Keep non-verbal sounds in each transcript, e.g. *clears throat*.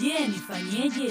Je, nifanyeje?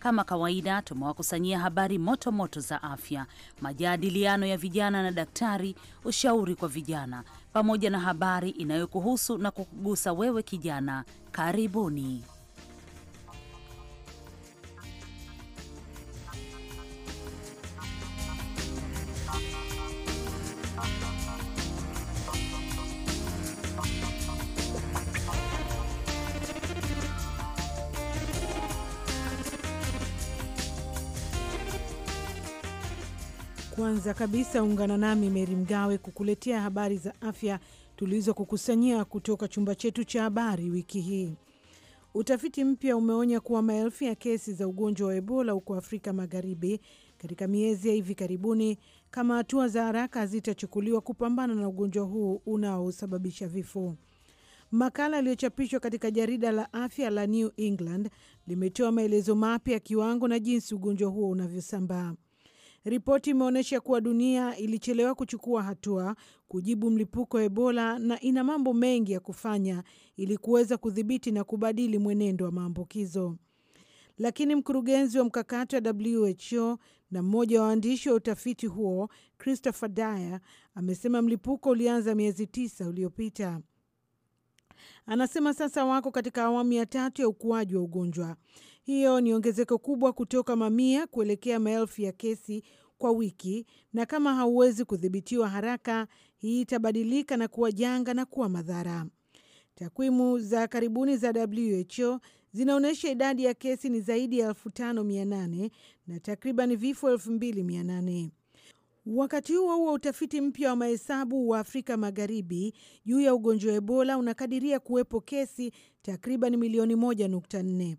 Kama kawaida, tumewakusanyia habari moto moto za afya, majadiliano ya vijana na daktari, ushauri kwa vijana, pamoja na habari inayokuhusu na kukugusa wewe kijana. Karibuni. Kwanza kabisa ungana nami Meri Mgawe kukuletea habari za afya tulizokukusanyia kutoka chumba chetu cha habari wiki hii. Utafiti mpya umeonya kuwa maelfu ya kesi za ugonjwa wa Ebola huko Afrika Magharibi katika miezi ya hivi karibuni, kama hatua za haraka hazitachukuliwa kupambana na ugonjwa huu unaosababisha vifo. Makala yaliyochapishwa katika jarida la afya la New England limetoa maelezo mapya ya kiwango na jinsi ugonjwa huo unavyosambaa. Ripoti imeonyesha kuwa dunia ilichelewa kuchukua hatua kujibu mlipuko wa Ebola na ina mambo mengi ya kufanya ili kuweza kudhibiti na kubadili mwenendo wa maambukizo. Lakini mkurugenzi wa mkakati wa WHO na mmoja wa waandishi wa utafiti huo Christopher Dyer amesema mlipuko ulianza miezi tisa uliopita. Anasema sasa wako katika awamu ya tatu ya ukuaji wa ugonjwa. Hiyo ni ongezeko kubwa kutoka mamia kuelekea maelfu ya kesi kwa wiki, na kama hauwezi kudhibitiwa haraka, hii itabadilika na kuwa janga na kuwa madhara. Takwimu za karibuni za WHO zinaonyesha idadi ya kesi ni zaidi ya 5800 na takriban vifo 2800. Wakati huo huo, utafiti mpya wa mahesabu wa Afrika Magharibi juu ya ugonjwa wa Ebola unakadiria kuwepo kesi takriban milioni 1.4.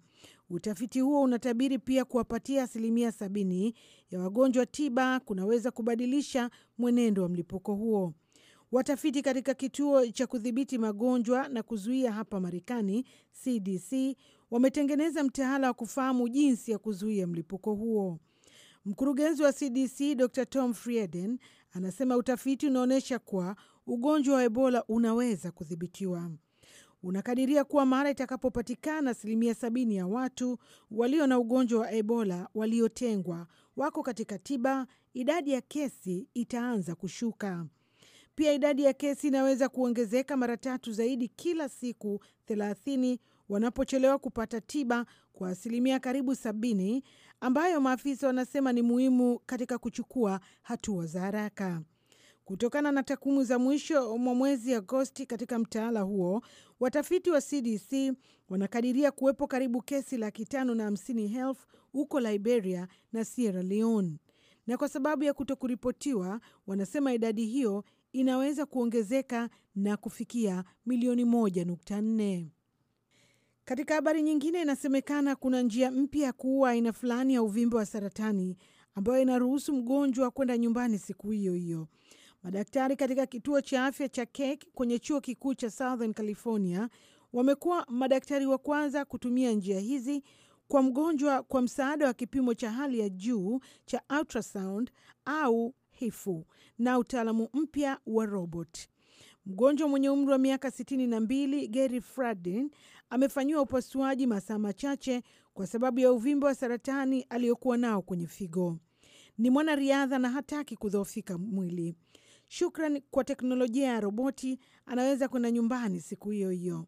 Utafiti huo unatabiri pia kuwapatia asilimia sabini ya wagonjwa tiba kunaweza kubadilisha mwenendo wa mlipuko huo. Watafiti katika kituo cha kudhibiti magonjwa na kuzuia hapa Marekani, CDC, wametengeneza mtaala wa kufahamu jinsi ya kuzuia mlipuko huo. Mkurugenzi wa CDC Dr Tom Frieden anasema utafiti unaonyesha kuwa ugonjwa wa Ebola unaweza kudhibitiwa unakadiria kuwa mara itakapopatikana asilimia sabini ya watu walio na ugonjwa wa Ebola waliotengwa wako katika tiba, idadi ya kesi itaanza kushuka. Pia idadi ya kesi inaweza kuongezeka mara tatu zaidi kila siku thelathini wanapochelewa kupata tiba kwa asilimia karibu sabini, ambayo maafisa wanasema ni muhimu katika kuchukua hatua za haraka. Kutokana na takwimu za mwisho mwa mwezi Agosti katika mtaala huo, watafiti wa CDC wanakadiria kuwepo karibu kesi laki tano na hamsini elfu huko Liberia na Sierra Leone, na kwa sababu ya kuto kuripotiwa, wanasema idadi hiyo inaweza kuongezeka na kufikia milioni moja nukta nne. Katika habari nyingine, inasemekana kuna njia mpya ya kuua aina fulani ya uvimbe wa saratani ambayo inaruhusu mgonjwa kwenda nyumbani siku hiyo hiyo. Madaktari katika kituo cha afya cha Keck kwenye chuo kikuu cha Southern California wamekuwa madaktari wa kwanza kutumia njia hizi kwa mgonjwa kwa msaada wa kipimo cha hali ya juu cha ultrasound au hifu na utaalamu mpya wa robot. Mgonjwa mwenye umri wa miaka sitini na mbili Gary Fradin amefanyiwa upasuaji masaa machache kwa sababu ya uvimbe wa saratani aliyokuwa nao kwenye figo. Ni mwanariadha na hataki kudhoofika mwili. Shukran kwa teknolojia ya roboti, anaweza kwenda nyumbani siku hiyo hiyo.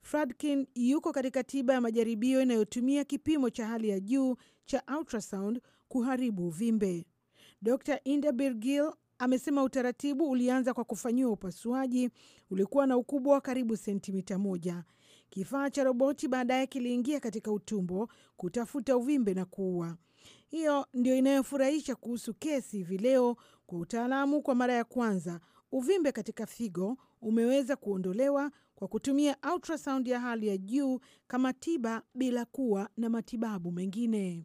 Fradkin yuko katika tiba ya majaribio inayotumia kipimo cha hali ya juu cha ultrasound kuharibu uvimbe. Dr Indabir Birgil amesema utaratibu ulianza kwa kufanyiwa upasuaji, ulikuwa na ukubwa wa karibu sentimita moja. Kifaa cha roboti baadaye kiliingia katika utumbo kutafuta uvimbe na kuua. Hiyo ndio inayofurahisha kuhusu kesi hivi leo kwa utaalamu, kwa mara ya kwanza uvimbe katika figo umeweza kuondolewa kwa kutumia ultrasound ya hali ya juu kama tiba bila kuwa na matibabu mengine.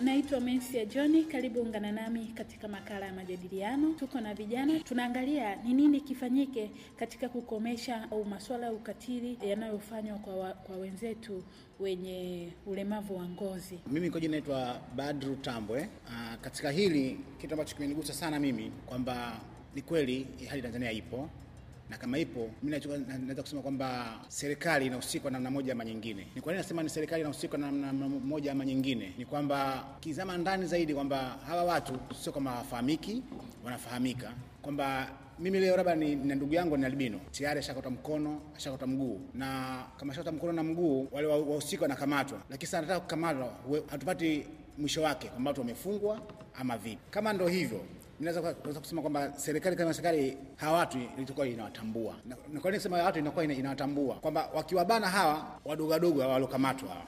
Naitwa Mensia John, karibu ungana nami katika makala ya majadiliano. Tuko na vijana, tunaangalia ni nini kifanyike katika kukomesha au masuala ya ukatili yanayofanywa kwa, kwa wenzetu wenye ulemavu wa ngozi. Mimi kwa jina naitwa Badru Tambwe. Ah, katika hili kitu ambacho kimenigusa sana mimi kwamba ni kweli hali Tanzania ipo na kama ipo, mimi naweza kusema kwamba serikali inahusika namna moja ama nyingine. Ni kwa nini nasema ni serikali inahusika namna moja ama nyingine? Ni kwamba kizama ndani zaidi, kwamba hawa watu sio kama hawafahamiki, wanafahamika kwamba mimi leo labda ni na ndugu yangu ni albino tayari ashakata mkono ashakata mguu, na kama ashakata mkono na mguu, wale wahusika wanakamatwa, lakini sasa anataka kukamatwa, hatupati mwisho wake kwamba watu wamefungwa ama vipi? Kama ndo hivyo naweza kusema kwamba serikali kama serikali hawa watu ilitakuwa inawatambua, na kwa nini sema watu inakuwa inawatambua kwamba wakiwabana hawa wadogo wadogo hawa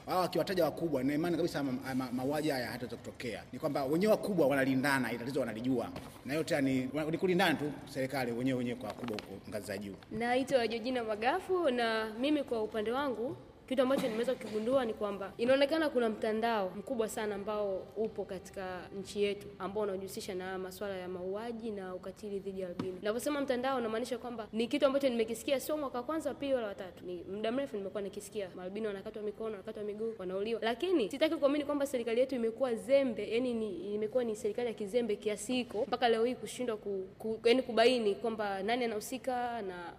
hawa wakiwataja wakubwa, na imani kabisa mauaji haya hataweza kutokea. Ni kwamba wenyewe wakubwa wanalindana, tatizo wanalijua, na yote ni kulindana tu serikali wenyewe wenyewe kwa wakubwa huko ngazi za juu. Naitwa Jojina Magafu, na mimi kwa upande wangu kitu ambacho nimeweza kukigundua ni kwamba inaonekana kuna mtandao mkubwa sana ambao upo katika nchi yetu ambao unajihusisha na masuala ya mauaji na ukatili dhidi ya albino. Ninaposema mtandao, unamaanisha kwamba ni kitu ambacho nimekisikia sio mwaka wa kwanza, wa pili wala watatu. Ni muda mrefu nimekuwa nikisikia maalbino wanakatwa mikono, wanakatwa miguu, wanauliwa, lakini sitaki kuamini kwamba serikali yetu imekuwa zembe, yani ni, imekuwa ni serikali ya kizembe kiasi hiko mpaka leo hii kushindwa ku, ku, yani kubaini kwamba nani anahusika na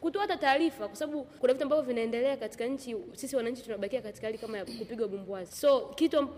kutoa hata taarifa, kwa sababu kuna vitu ambavyo vinaendelea katika nchi sisi, sisi wananchi tunabakia katika hali kama ya kupigwa bumbwazi So kitu uh,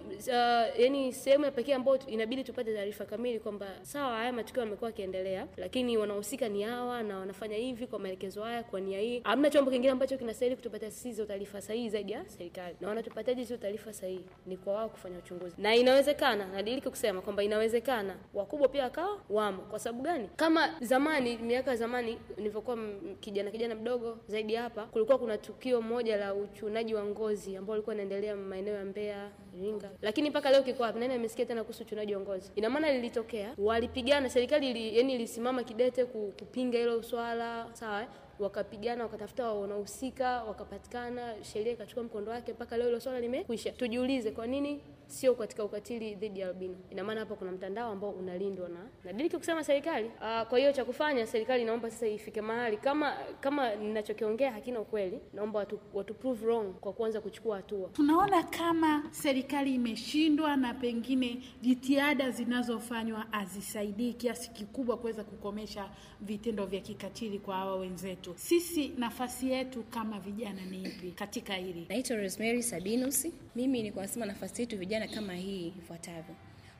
yani sehemu ya pekee ambayo inabidi tupate taarifa kamili kwamba sawa, haya matukio yamekuwa yakiendelea, lakini wanahusika ni hawa na wanafanya hivi kwa maelekezo haya, kwa nia hii. Hamna chombo kingine ambacho kinastahili kutupatia sisi hizo taarifa sahihi zaidi ya serikali, na wanatupataje hizo taarifa sahihi? Ni kwa wao kufanya uchunguzi, na inawezekana, nadiriki kusema kwamba inawezekana wakubwa pia wakawa wamo. Kwa sababu gani? Kama zamani, miaka zamani nilivyokuwa kijana kijana mdogo zaidi hapa, kulikuwa kuna tukio moja la uchunaji wa ngozi ambao ulikuwa unaendelea maeneo ya Mbeya, Iringa, lakini mpaka leo kiko wapi? Nani amesikia tena kuhusu uchunaji wa ngozi? Ina maana lilitokea, walipigana, serikali ili, yani ilisimama kidete kupinga hilo swala, sawa eh? wakapigana, wakatafuta wanahusika wakapatikana, sheria ikachukua mkondo wake mpaka leo hilo swala limekwisha. Tujiulize kwa nini sio katika ukatili dhidi ya albino. Ina maana hapa kuna mtandao ambao unalindwa na nadiriki kusema serikali. Aa, ah, kwa hiyo cha kufanya serikali inaomba sasa ifike mahali kama kama ninachokiongea hakina ukweli, naomba watu, watu prove wrong kwa kuanza kuchukua hatua. Tunaona kama serikali imeshindwa na pengine jitihada zinazofanywa hazisaidii kiasi kikubwa kuweza kukomesha vitendo vya kikatili kwa hawa wenzetu yetu sisi, nafasi yetu kama vijana ni ipi katika hili? Naitwa Rosemary Sabinusi. Mimi ni kwa nasema nafasi yetu vijana kama hii ifuatavyo,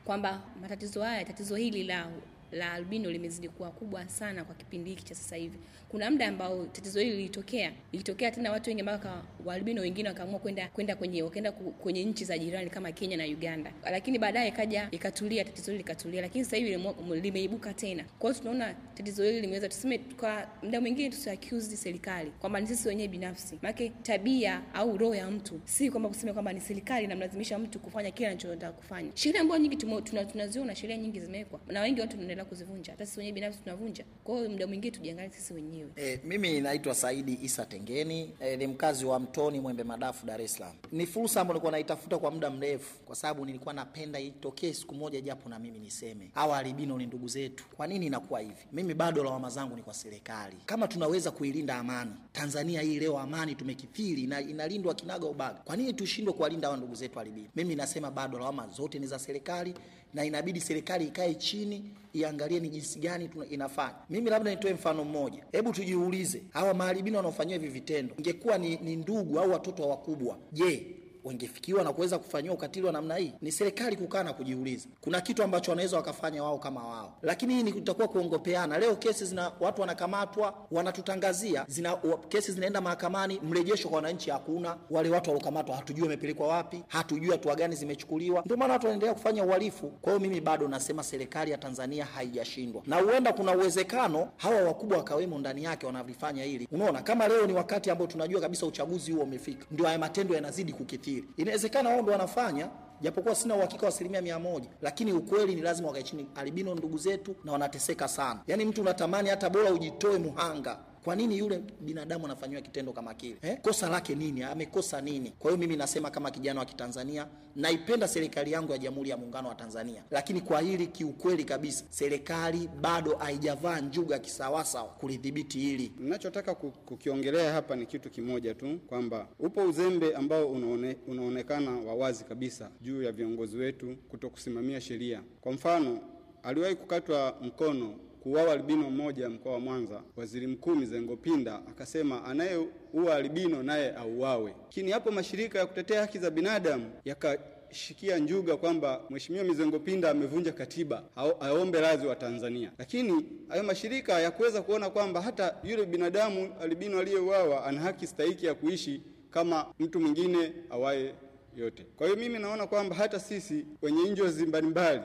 kwamba matatizo haya, tatizo hili la la albino limezidi kuwa kubwa sana kwa kipindi hiki cha sasa hivi. Kuna muda ambao tatizo hili lilitokea, lilitokea tena watu wengi mpaka albino wengine wakaamua kwenda kwenda kwenye wakaenda kwenye nchi za jirani kama Kenya na Uganda, lakini baadaye kaja ikatulia, tatizo hili likatulia, lakini sasa hivi limeibuka tena. Kwa hiyo tunaona tatizo hili limeweza, tuseme kwa muda mwingine tusiaccuse serikali kwamba ni sisi wenyewe binafsi, maana tabia au roho ya mtu si kwamba kuseme kwamba ni serikali inamlazimisha mtu kufanya kile anachotaka kufanya. Sheria ambazo nyingi tunaziona, sheria nyingi zimewekwa na wengi watu tunaendelea tunaenda kuzivunja, hata sisi wenyewe binafsi tunavunja. Kwa hiyo muda mwingine tujiangalie sisi wenyewe. E, mimi naitwa Saidi Isa Tengeni, e, ni mkazi wa Mtoni Mwembe Madafu, Dar es Salaam. Ni fursa ambayo nilikuwa naitafuta kwa muda mrefu, kwa sababu nilikuwa napenda itokee siku moja, japo na mimi niseme hawa albino ni ndugu zetu. Kwa nini inakuwa hivi? Mimi bado lawama zangu ni kwa serikali. Kama tunaweza kuilinda amani Tanzania hii leo, amani tumekithiri na inalindwa kinaga ubaga, kwa nini tushindwe kuwalinda hawa ndugu zetu albino? Mimi nasema bado lawama zote ni za serikali na inabidi serikali ikae chini iangalie ni jinsi gani inafanya. Mimi labda nitoe mfano mmoja. Hebu tujiulize, hawa maharibini wanaofanyiwa hivi vitendo ingekuwa ni, ni ndugu au watoto wakubwa, je, wangefikiwa na kuweza kufanyiwa ukatili wa namna hii, ni serikali kukaa na kujiuliza kuna kitu ambacho wanaweza wakafanya wao kama wao, lakini hii itakuwa kuongopeana. Leo kesi zina watu wanakamatwa, wanatutangazia zina kesi zinaenda mahakamani, mrejesho kwa wananchi hakuna. Wale watu waliokamatwa hatujui wamepelekwa wapi, hatujui hatua gani zimechukuliwa, ndio maana watu wanaendelea kufanya uhalifu. Kwa hiyo mimi bado nasema serikali ya Tanzania haijashindwa, na huenda kuna uwezekano hawa wakubwa wakawemo ndani yake wanavifanya hili. Unaona, kama leo ni wakati ambao tunajua kabisa uchaguzi huo umefika, ndio haya matendo yanazidi kukithiri kufikiri. Inawezekana wao ndo wanafanya japokuwa sina uhakika wa asilimia mia moja, lakini ukweli ni lazima wakae chini. Albino ndugu zetu na wanateseka sana, yaani mtu unatamani hata bora ujitoe muhanga kwa nini yule binadamu anafanyiwa kitendo kama kile eh? Kosa lake nini? Amekosa nini? Kwa hiyo mimi nasema kama kijana wa Kitanzania, naipenda serikali yangu ya Jamhuri ya Muungano wa Tanzania, lakini kwa hili kiukweli kabisa, serikali bado haijavaa njuga kisawasawa kulidhibiti hili. Ninachotaka kukiongelea hapa ni kitu kimoja tu, kwamba upo uzembe ambao unaone, unaonekana wawazi kabisa juu ya viongozi wetu kutokusimamia sheria. Kwa mfano, aliwahi kukatwa mkono kuuawa albino mmoja mkoa wa Mwanza, waziri mkuu Mizengo Pinda akasema anayeua albino naye auawe. Lakini hapo mashirika ya kutetea haki za binadamu yaka shikia njuga kwamba mheshimiwa Mizengo Pinda amevunja katiba, aombe radhi wa Tanzania. Lakini hayo mashirika yakuweza kuona kwamba hata yule binadamu albino aliyeuawa ana haki stahiki ya kuishi kama mtu mwingine awaye yote. Kwa hiyo mimi naona kwamba hata sisi kwenye injozi mbalimbali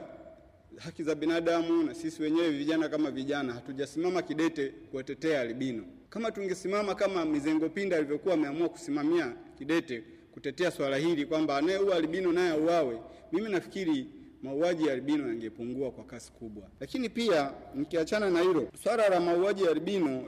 haki za binadamu, na sisi wenyewe vijana kama vijana hatujasimama kidete kuwatetea albino. Kama tungesimama kama Mizengo Pinda alivyokuwa ameamua kusimamia kidete kutetea swala hili kwamba anayeua albino naye auawe, mimi nafikiri mauaji ya albino yangepungua kwa kasi kubwa. Lakini pia nikiachana na hilo, swala la mauaji ya albino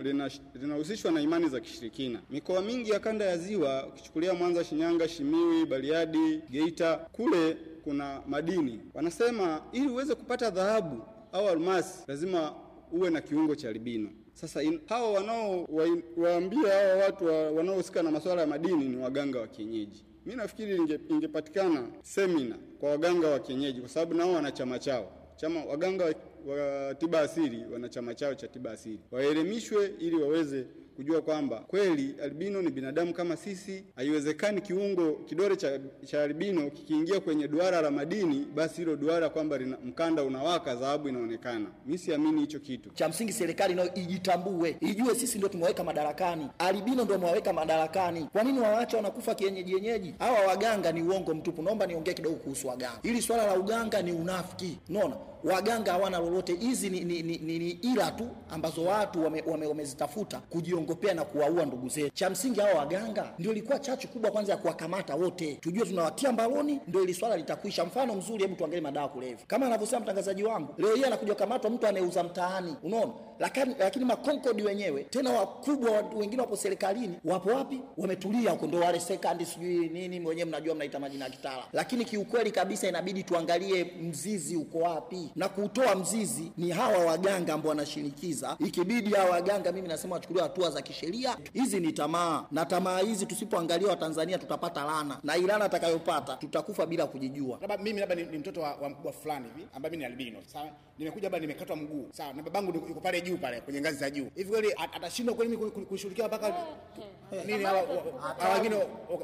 linahusishwa na imani za kishirikina. Mikoa mingi ya kanda ya Ziwa, ukichukulia Mwanza, Shinyanga, Shimiwi, Bariadi, Geita, kule kuna madini. Wanasema ili uweze kupata dhahabu au almasi lazima uwe na kiungo cha albino. Sasa in, hawa wanaowaambia hawa watu wa, wanaohusika na masuala ya madini ni waganga wa kienyeji. Mi nafikiri inge, ingepatikana semina kwa waganga wa kienyeji, kwa sababu nao wana chama chao chama waganga wa, wa tiba asili wana chama chao cha tiba asili, waelimishwe ili waweze kujua kwamba kweli albino ni binadamu kama sisi. Haiwezekani kiungo kidole cha, cha albino kikiingia kwenye duara la madini, basi hilo duara kwamba lina mkanda unawaka, dhahabu inaonekana. Mi siamini hicho kitu. Cha msingi serikali nayo ijitambue, ijue sisi ndio tumewaweka madarakani, albino ndio mwaweka madarakani. Kwa nini wanaacha wanakufa kienyeji yenyeji? Hawa waganga ni uongo mtupu. Naomba niongee kidogo kuhusu waganga. Hili swala la uganga ni unafiki, unaona waganga hawana lolote. Hizi ni, ni, ni, ni, ni ila tu ambazo watu wamezitafuta wame, wame kujiongopea na kuwaua ndugu zetu. Cha msingi hawa waganga ndio ilikuwa chachu kubwa kwanza ya kuwakamata wote, tujue tunawatia mbaroni, ndio ili swala litakwisha. Mfano mzuri, hebu tuangalie madawa kulevya, kama anavyosema mtangazaji wangu leo hii anakuja kukamatwa mtu anayeuza mtaani, unaona lakini, lakini makonkodi wenyewe tena wakubwa wengine wapo serikalini, wapo wapi? Wametulia huko, ndo wale sekandi sijui nini, wenyewe mnajua mnaita majina ya kitala. Lakini kiukweli kabisa inabidi tuangalie mzizi uko wapi, na kutoa mzizi ni hawa waganga ambao wanashinikiza. Ikibidi hawa waganga, mimi nasema wachukuliwe hatua za kisheria. Hizi ni tamaa, na tamaa hizi tusipoangalia, Watanzania tutapata lana na ilana atakayopata tutakufa bila kujijua. Labda mimi labda ni, ni mtoto wa, wa mkubwa fulani hivi ambaye mimi ni albino sawa, nimekuja labda nimekatwa mguu sawa, na babangu yuko pale juu juu pale kwenye ngazi za juu. Hivi kweli atashindwa kweli kushirikia mpaka oh, eh, nini? Wengine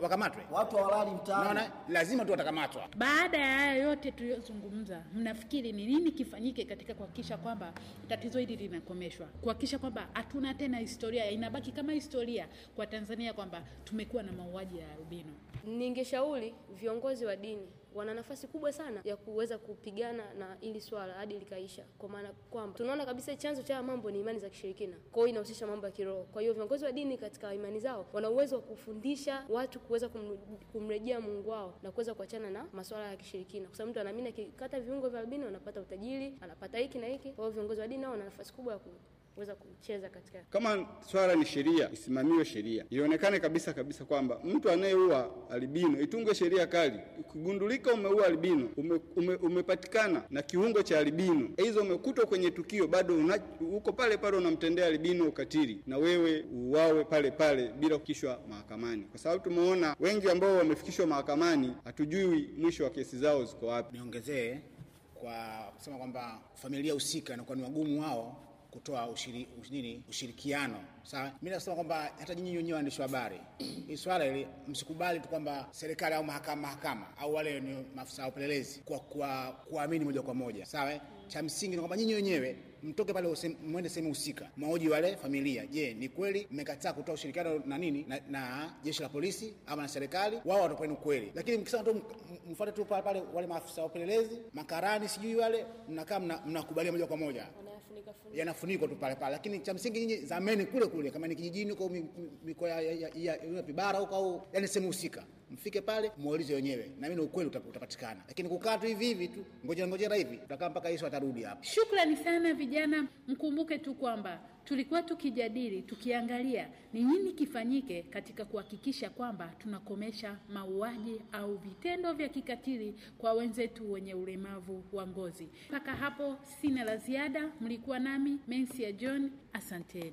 wakamatwe, watu hawalali mtaani, lazima tu watakamatwa. Baada ya haya yote tuliyozungumza, mnafikiri ni nini kifanyike katika kuhakikisha kwamba tatizo hili linakomeshwa, kuhakikisha kwamba hatuna tena historia, inabaki kama historia kwa Tanzania kwamba tumekuwa na mauaji ya albino? Ningeshauri viongozi wa dini wana nafasi kubwa sana ya kuweza kupigana na ili swala hadi likaisha, kwa maana kwamba tunaona kabisa chanzo cha mambo ni imani za kishirikina, kwa hiyo inahusisha mambo ya kiroho. Kwa hiyo viongozi wa dini katika imani zao wana uwezo wa kufundisha watu kuweza kumrejea Mungu wao na kuweza kuachana na masuala ya kishirikina, kwa sababu mtu anaamini akikata viungo vya albino anapata utajiri, anapata hiki na hiki. Kwa hiyo viongozi wa dini nao wana nafasi kubwa ya kuweza kucheza katika. Kama swala ni sheria, isimamiwe sheria, ionekane kabisa kabisa kwamba mtu anayeua albino itungwe sheria kali. Ukigundulika umeua albino, ume, ume, umepatikana na kiungo cha albino, aidha umekutwa kwenye tukio, bado una, uko pale pale unamtendea albino ukatili, na wewe uwawe pale pale bila kukishwa mahakamani, kwa sababu tumeona wengi ambao wamefikishwa mahakamani, hatujui mwisho wa kesi zao ziko wapi. Niongezee kwa kusema kwamba familia husika inakuwa ni wagumu wao kutoa ushiri, ushiri, ushirikiano sawa. Mimi nasema kwamba hata nyinyi wenyewe waandishi wa habari, *clears throat* hii swala hili msikubali tu kwamba serikali au mahakama mahakama au wale ni maafisa wa upelelezi kwa kuamini moja kwa moja sawa eh? cha msingi ni kwamba nyinyi wenyewe mtoke pale mwende sehemu husika, maoji wale familia. Je, ni kweli mmekataa kutoa ushirikiano na nini na, na jeshi la polisi ama na serikali? Wao watakuwa ni kweli, lakini mkisema tu mfuate tu pale pale wale maafisa wa upelelezi makarani, sijui wale mnakaa mnakubalia moja kwa moja, yanafunikwa tu pale pale, lakini cha msingi nyinyi zameni kule kule, kama ni kijijini huko mikoa ya, ya, ya, ya, ya Pibara huko au yani sehemu husika mfike pale muulize wenyewe, na mimi ukweli utapatikana. Lakini kukaa tu hivi hivi tu ngojea ngojea hivi, utakaa mpaka Yesu atarudi hapa. Shukrani sana vijana, mkumbuke tu kwamba tulikuwa tukijadili tukiangalia ni nini kifanyike katika kuhakikisha kwamba tunakomesha mauaji au vitendo vya kikatili kwa wenzetu wenye ulemavu wa ngozi. Mpaka hapo sina la ziada. Mlikuwa nami Mensia John, asanteni.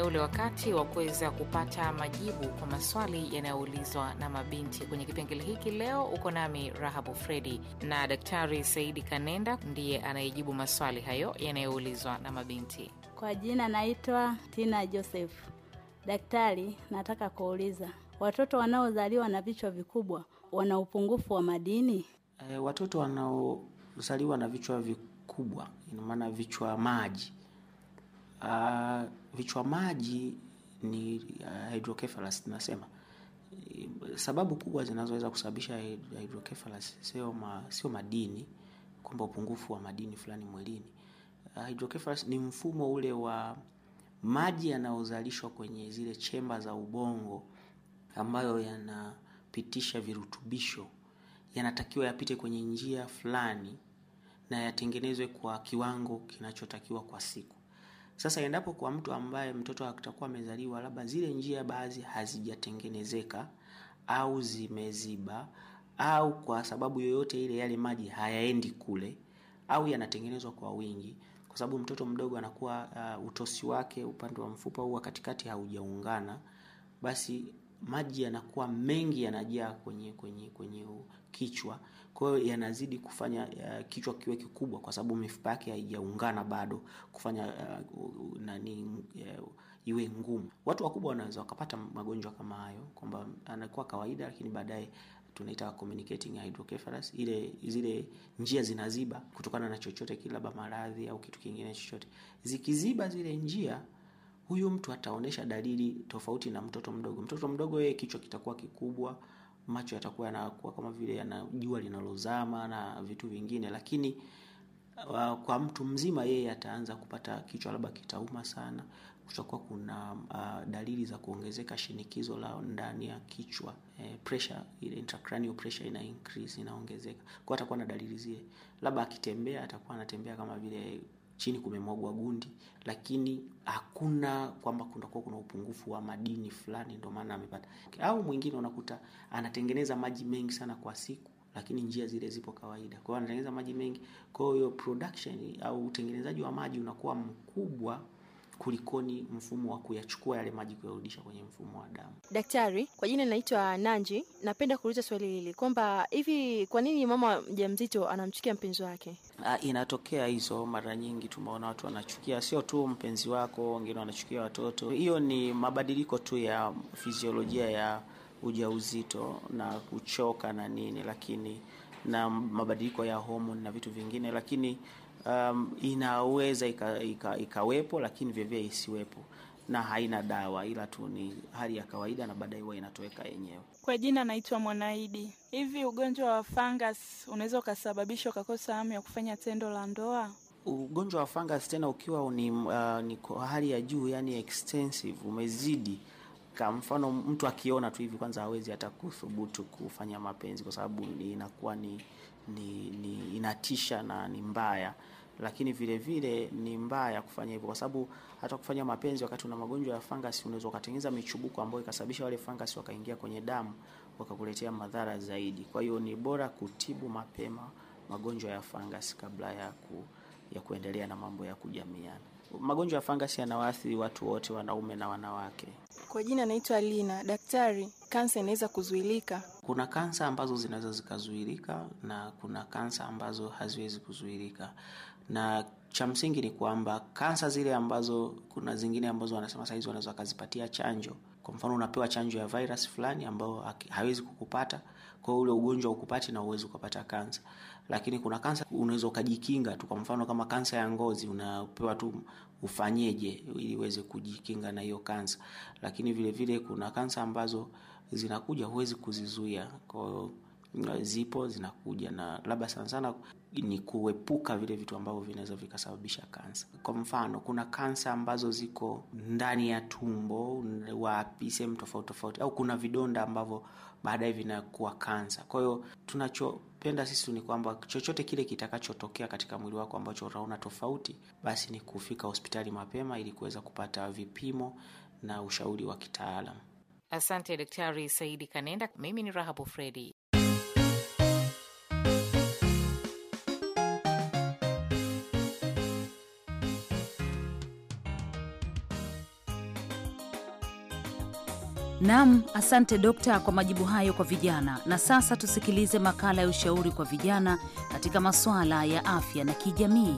ni ule wakati wa kuweza kupata majibu kwa maswali yanayoulizwa na mabinti. Kwenye kipengele hiki leo uko nami Rahabu Fredi na Daktari Saidi Kanenda ndiye anayejibu maswali hayo yanayoulizwa na mabinti. Kwa jina naitwa Tina Joseph. Daktari, nataka kuuliza watoto wanaozaliwa na vichwa vikubwa wana upungufu wa madini? E, watoto wanaozaliwa na vichwa vikubwa, inamaana vichwa maji Ah, vichwa maji ni uh, hydrocephalus tunasema sababu kubwa zinazoweza kusababisha hydrocephalus sio ma, sio madini kwamba upungufu wa madini fulani mwilini. Uh, hydrocephalus ni mfumo ule wa maji yanayozalishwa kwenye zile chemba za ubongo ambayo yanapitisha virutubisho, yanatakiwa yapite kwenye njia fulani na yatengenezwe kwa kiwango kinachotakiwa kwa siku. Sasa endapo kwa mtu ambaye mtoto atakuwa amezaliwa, labda zile njia baadhi hazijatengenezeka au zimeziba au kwa sababu yoyote ile yale maji hayaendi kule au yanatengenezwa kwa wingi, kwa sababu mtoto mdogo anakuwa uh, utosi wake upande wa mfupa huwa wa katikati haujaungana, basi maji yanakuwa mengi yanajaa kwenye, kwenye, kwenye kichwa kwa hiyo yanazidi kufanya uh, kichwa kiwe kikubwa, kwa sababu mifupa yake haijaungana bado kufanya uh, nani uh, iwe ngumu. Watu wakubwa wanaweza wakapata magonjwa kama hayo, kwamba anakuwa kawaida, lakini baadaye tunaita communicating hydrocephalus, ile zile njia zinaziba kutokana na chochote kile, labda maradhi au kitu kingine chochote. Zikiziba zile njia, huyu mtu ataonesha dalili tofauti na mtoto mdogo. Mtoto mdogo yeye kichwa kitakuwa kikubwa macho yatakuwa yanakuwa kama vile yana jua linalozama na vitu vingine, lakini uh, kwa mtu mzima yeye ataanza kupata kichwa labda kitauma sana, kutakuwa kuna uh, dalili za kuongezeka shinikizo la ndani ya kichwa eh, pressure ile intracranial pressure ina increase, inaongezeka kwa, atakuwa na dalili zile, labda akitembea atakuwa anatembea kama vile chini kumemwagwa gundi, lakini hakuna kwamba kunakuwa kuna upungufu wa madini fulani, ndio maana amepata. Au mwingine unakuta anatengeneza maji mengi sana kwa siku lakini njia zile zipo kawaida. Kwa hiyo anatengeneza maji mengi, kwa hiyo production au utengenezaji wa maji unakuwa mkubwa kulikoni mfumo wa kuyachukua yale maji kuyarudisha kwenye mfumo wa damu. Daktari, kwa jina naitwa Nanji, napenda kuuliza swali hili kwamba hivi kwa nini mama mjamzito anamchukia mpenzi wake? A, ah, inatokea hizo mara nyingi, tumeona watu wanachukia, sio tu mpenzi wako, wengine wanachukia watoto. Hiyo ni mabadiliko tu ya fiziolojia ya ujauzito na kuchoka na nini, lakini na mabadiliko ya homoni na vitu vingine, lakini um, inaweza ika, ika, ikawepo lakini vilevile isiwepo na haina dawa ila tu ni hali ya kawaida na baadaye huwa inatoweka yenyewe. Kwa jina naitwa Mwanaidi. Hivi ugonjwa wa fungus unaweza ukasababisha ukakosa hamu ya kufanya tendo la ndoa? Ugonjwa wa fungus tena ukiwa ni, uh, ni hali ya juu, yani extensive, umezidi kwa mfano mtu akiona tu hivi kwanza hawezi hata kuthubutu kufanya mapenzi kwa sababu inakuwa ni ni, ni inatisha na ni mbaya, lakini vile vile ni mbaya kufanya hivyo, kwa sababu hata kufanya mapenzi wakati una magonjwa ya fangasi unaweza ukatengeneza michubuko ambayo ikasababisha wale fangasi wakaingia kwenye damu wakakuletea madhara zaidi. Kwa hiyo ni bora kutibu mapema magonjwa ya fangasi kabla ya, ku, ya kuendelea na mambo ya kujamiana. Magonjwa ya fangasi yanawaathiri watu wote, wanaume na wanawake. Kwa jina naitwa Lina. Daktari, kansa inaweza kuzuilika? Kuna kansa ambazo zinaweza zikazuilika na kuna kansa ambazo haziwezi kuzuilika, na cha msingi ni kwamba kansa zile ambazo kuna zingine ambazo wanasema sahizi wanaweza wakazipatia chanjo. Kwa mfano, unapewa chanjo ya virus fulani ambayo hawezi kukupata, kwa hiyo ule ugonjwa ukupati na uwezi ukapata kansa lakini kuna kansa unaweza ukajikinga tu. Kwa mfano kama kansa ya ngozi unapewa tu ufanyeje ili uweze kujikinga na hiyo kansa, lakini vile vile kuna kansa ambazo zinakuja huwezi kuzizuia kwa zipo zinakuja na labda sana sana ni kuepuka vile vitu ambavyo vinaweza vikasababisha kansa. Kwa mfano, kuna kansa ambazo ziko ndani ya tumbo, wapi, sehemu tofauti tofauti, au kuna vidonda ambavyo baadaye vinakuwa kansa. Kwa hiyo tunachopenda sisi ni kwamba chochote kile kitakachotokea katika mwili wako ambacho unaona tofauti, basi ni kufika hospitali mapema ili kuweza kupata vipimo na ushauri wa kitaalamu. Asante Daktari Saidi Kanenda. Mimi ni Rahabu Fredi. Nam, asante dokta kwa majibu hayo kwa vijana. Na sasa tusikilize makala ya ushauri kwa vijana katika masuala ya afya na kijamii.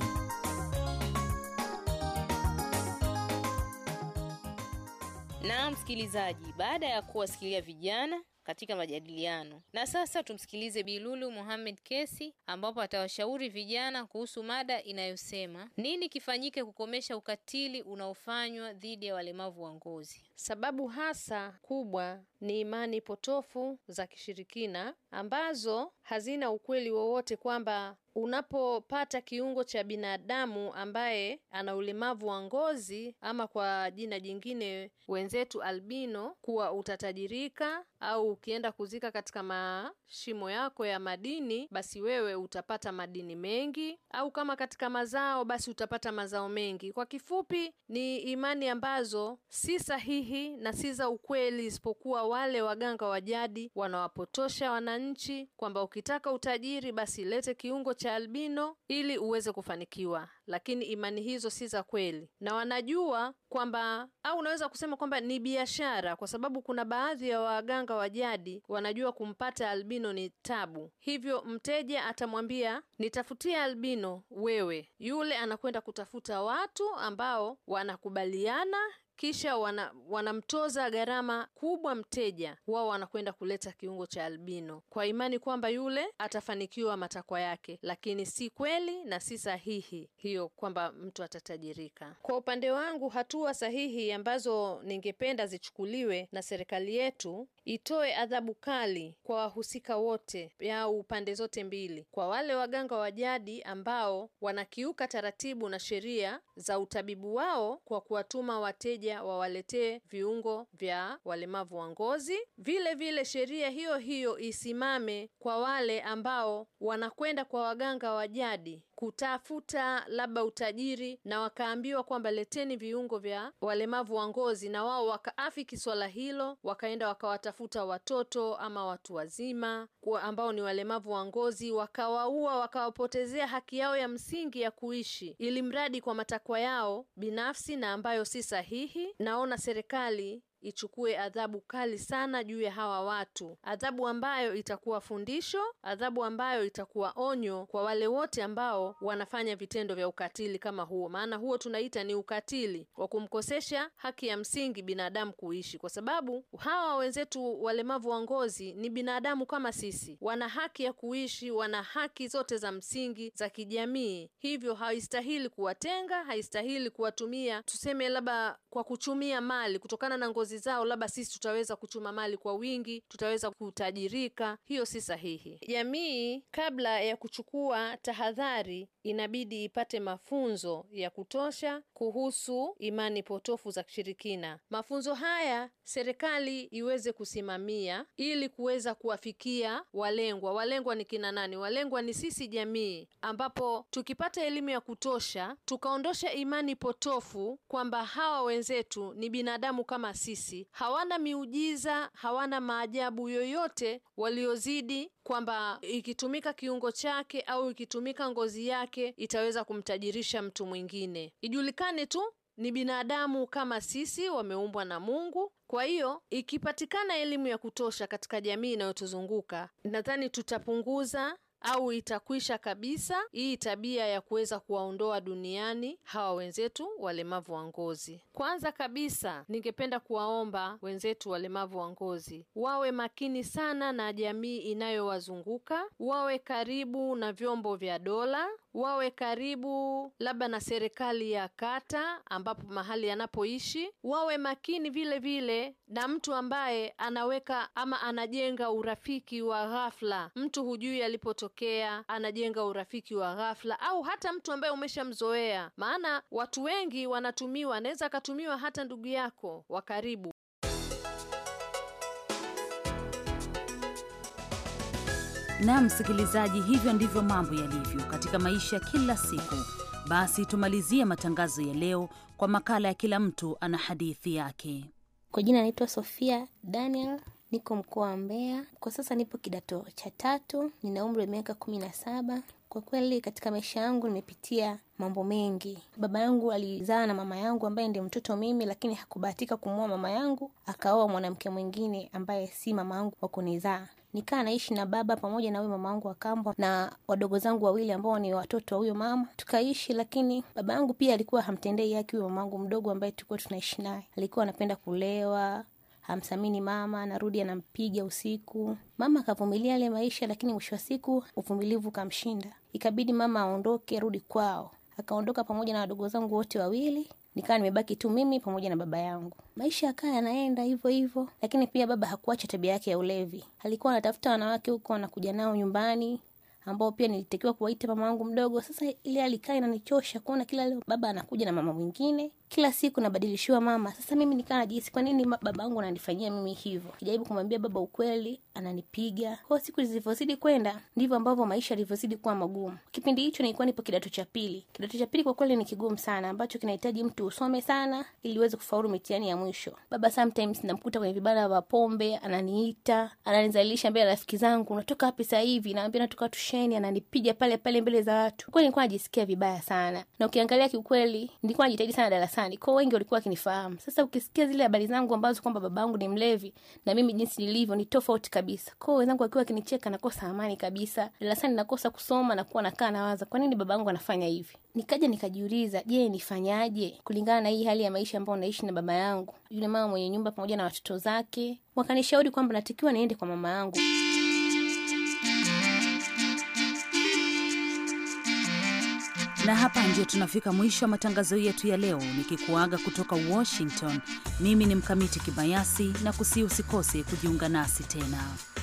Na msikilizaji, baada ya kuwasikilia vijana katika majadiliano. Na sasa tumsikilize Bilulu Mohamed Kesi ambapo atawashauri vijana kuhusu mada inayosema nini kifanyike kukomesha ukatili unaofanywa dhidi ya walemavu wa ngozi. Sababu hasa kubwa ni imani potofu za kishirikina ambazo hazina ukweli wowote kwamba unapopata kiungo cha binadamu ambaye ana ulemavu wa ngozi ama kwa jina jingine wenzetu albino, kuwa utatajirika au ukienda kuzika katika ma shimo yako ya madini, basi wewe utapata madini mengi, au kama katika mazao, basi utapata mazao mengi. Kwa kifupi, ni imani ambazo si sahihi na si za ukweli, isipokuwa wale waganga wa jadi wanawapotosha wananchi kwamba ukitaka utajiri, basi lete kiungo cha albino ili uweze kufanikiwa, lakini imani hizo si za kweli na wanajua kwamba au unaweza kusema kwamba ni biashara, kwa sababu kuna baadhi ya waganga wa jadi wanajua kumpata albino ni tabu, hivyo mteja atamwambia nitafutia albino wewe, yule anakwenda kutafuta watu ambao wanakubaliana kisha wana, wanamtoza gharama kubwa mteja, wao wanakwenda kuleta kiungo cha albino kwa imani kwamba yule atafanikiwa matakwa yake, lakini si kweli na si sahihi hiyo kwamba mtu atatajirika. Kwa upande wangu, hatua sahihi ambazo ningependa zichukuliwe na serikali yetu itoe adhabu kali kwa wahusika wote au pande zote mbili, kwa wale waganga wa jadi ambao wanakiuka taratibu na sheria za utabibu wao kwa kuwatuma wateja pia wawaletee viungo vya walemavu wa ngozi. Vile vile sheria hiyo hiyo isimame kwa wale ambao wanakwenda kwa waganga wa jadi kutafuta labda utajiri na wakaambiwa kwamba leteni viungo vya walemavu wa ngozi, na wao wakaafiki swala hilo, wakaenda wakawatafuta watoto ama watu wazima kwa ambao ni walemavu wa ngozi, wakawaua, wakawapotezea haki yao ya msingi ya kuishi, ili mradi kwa matakwa yao binafsi na ambayo si sahihi. Naona serikali ichukue adhabu kali sana juu ya hawa watu, adhabu ambayo itakuwa fundisho, adhabu ambayo itakuwa onyo kwa wale wote ambao wanafanya vitendo vya ukatili kama huo, maana huo tunaita ni ukatili wa kumkosesha haki ya msingi binadamu kuishi, kwa sababu hawa wenzetu walemavu wa ngozi ni binadamu kama sisi, wana haki ya kuishi, wana haki zote za msingi za kijamii, hivyo haistahili kuwatenga, haistahili kuwatumia tuseme labda kwa kuchumia mali kutokana na ngozi kazi zao, labda sisi tutaweza kuchuma mali kwa wingi, tutaweza kutajirika. Hiyo si sahihi. Jamii kabla ya kuchukua tahadhari inabidi ipate mafunzo ya kutosha kuhusu imani potofu za kishirikina. Mafunzo haya serikali iweze kusimamia ili kuweza kuwafikia walengwa. Walengwa ni kina nani? Walengwa ni sisi jamii, ambapo tukipata elimu ya kutosha tukaondosha imani potofu kwamba hawa wenzetu ni binadamu kama sisi, hawana miujiza, hawana maajabu yoyote waliozidi kwamba ikitumika kiungo chake au ikitumika ngozi yake itaweza kumtajirisha mtu mwingine. Ijulikane tu ni binadamu kama sisi, wameumbwa na Mungu. Kwa hiyo ikipatikana elimu ya kutosha katika jamii inayotuzunguka, nadhani tutapunguza au itakwisha kabisa hii tabia ya kuweza kuwaondoa duniani hawa wenzetu walemavu wa ngozi. Kwanza kabisa, ningependa kuwaomba wenzetu walemavu wa ngozi wawe makini sana na jamii inayowazunguka, wawe karibu na vyombo vya dola, wawe karibu labda na serikali ya kata ambapo mahali anapoishi, wawe makini vile vile na mtu ambaye anaweka ama anajenga urafiki wa ghafla, mtu hujui alipo kutokea, anajenga urafiki wa ghafla au hata mtu ambaye umeshamzoea. Maana watu wengi wanatumiwa, anaweza akatumiwa hata ndugu yako wa karibu. Na msikilizaji, hivyo ndivyo mambo yalivyo katika maisha kila siku. Basi tumalizie matangazo ya leo kwa makala ya kila mtu ana hadithi yake. Kwa jina anaitwa Sofia Daniel niko mkoa wa Mbeya. Kwa sasa nipo kidato cha tatu, nina umri wa miaka kumi na saba. Kwa kweli katika maisha yangu nimepitia mambo mengi. Baba yangu alizaa na mama yangu ambaye ndiye mtoto mimi, lakini hakubahatika kumuoa mama yangu, akaoa mwanamke mwingine ambaye si mama yangu wa kunizaa. Nikaa naishi na baba pamoja na huyo mama wangu wa kambo na wadogo zangu wawili ambao ni watoto wa huyo mama, tukaishi. Lakini baba yangu pia alikuwa hamtendei haki huyo mama mdogo ambaye tulikuwa tunaishi naye, alikuwa anapenda kulewa hamsamini mama, narudi anampiga usiku. Mama akavumilia yale maisha, lakini mwisho wa siku uvumilivu ukamshinda, ikabidi mama aondoke, arudi kwao. Akaondoka pamoja na wadogo zangu wote wawili nikawa nimebaki tu mimi pamoja na baba yangu. Maisha yakaa yanaenda hivyo hivyo, lakini pia baba hakuacha tabia yake ya ulevi. Alikuwa anatafuta wanawake huko, anakuja nao nyumbani ambao pia nilitakiwa kuwaita mama wangu mdogo. Sasa ile alikaa inanichosha kuona kila leo baba anakuja na mama mwingine, kila siku nabadilishiwa mama. Sasa mimi nikawa najihisi kwa nini baba angu ananifanyia mimi hivyo? Kijaribu kumwambia baba ukweli, ananipiga. ko siku zilivyozidi kwenda, ndivyo ambavyo maisha yalivyozidi kuwa magumu. Kipindi hicho nilikuwa nipo kidato cha pili. Kidato cha pili kwa kweli ni kigumu sana, ambacho kinahitaji mtu usome sana ili uweze kufaulu mitihani ya mwisho. Baba sometimes namkuta kwenye vibanda vya pombe, ananiita, ananizalilisha mbele ya rafiki zangu, natoka wapi sasa hivi? Naambia natoka tusheni, ananipiga pale pale mbele za watu. Kwa nilikuwa najisikia vibaya sana, na ukiangalia kiukweli nilikuwa najitahidi sana darasani Marekani, kwao wengi walikuwa wakinifahamu. Sasa ukisikia zile habari zangu ambazo kwamba baba angu ni mlevi na mimi jinsi nilivyo ni tofauti kabisa. kwao wenzangu wakiwa wakinicheka nakosa amani kabisa. Darasani nakosa kusoma nakuwa nakaa nawaza kwa nini angu anafanya hivi? Nikaja nikajiuliza, je, nifanyaje kulingana na hii hali ya maisha ambayo naishi na baba yangu, yule mama mwenye nyumba pamoja na watoto zake. Wakanishauri kwamba natakiwa niende kwa mama yangu. Na hapa ndio tunafika mwisho wa matangazo yetu ya leo, nikikuaga kutoka Washington. Mimi ni Mkamiti Kibayasi na kusiusikose usikose kujiunga nasi tena.